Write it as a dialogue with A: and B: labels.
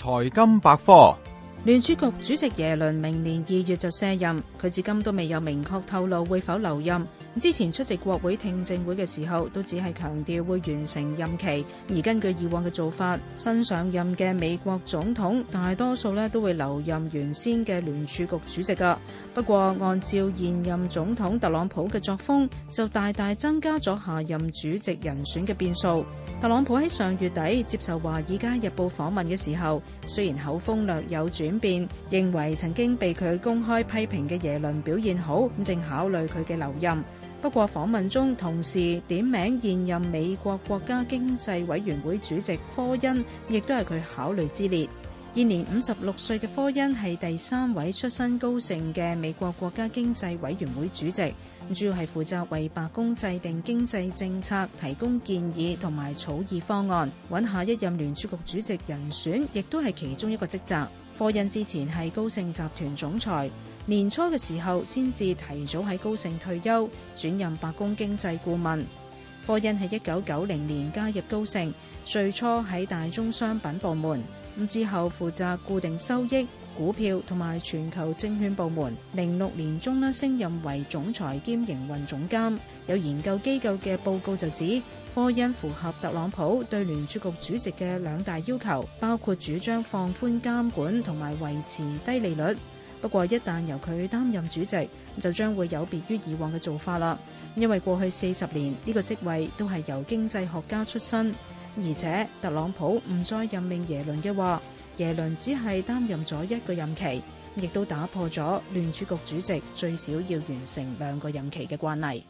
A: 財金百科。聯儲局主席耶倫明年二月就卸任，佢至今都未有明確透露會否留任。之前出席國會聽證會嘅時候，都只係強調會完成任期。而根據以往嘅做法，新上任嘅美國總統大多數呢都會留任原先嘅聯儲局主席㗎。不過按照現任總統特朗普嘅作風，就大大增加咗下任主席人選嘅變數。特朗普喺上月底接受華爾街日報訪問嘅時候，雖然口風略有轉。變，認為曾經被佢公開批評嘅耶倫表現好，正考慮佢嘅留任。不過訪問中，同時點名現任美國國家經濟委員會主席科恩，亦都係佢考慮之列。現年五十六歲嘅科恩係第三位出身高盛嘅美國國家經濟委員會主席，主要係負責為白宮制定經濟政策、提供建議同埋草擬方案，揾下一任聯儲局主席人選，亦都係其中一個職責。科恩之前係高盛集團總裁，年初嘅時候先至提早喺高盛退休，轉任白宮經濟顧問。科恩係一九九零年加入高盛，最初喺大宗商品部門，咁之後負責固定收益股票同埋全球證券部門。零六年中呢升任為總裁兼營運總監，有研究機構嘅報告就指，科恩符合特朗普對聯儲局主席嘅兩大要求，包括主張放寬監管同埋維持低利率。不過，一旦由佢擔任主席，就將會有別於以往嘅做法啦。因為過去四十年，呢個職位都係由經濟學家出身，而且特朗普唔再任命耶倫嘅話，耶倫只係擔任咗一個任期，亦都打破咗聯儲局主席最少要完成兩個任期嘅慣例。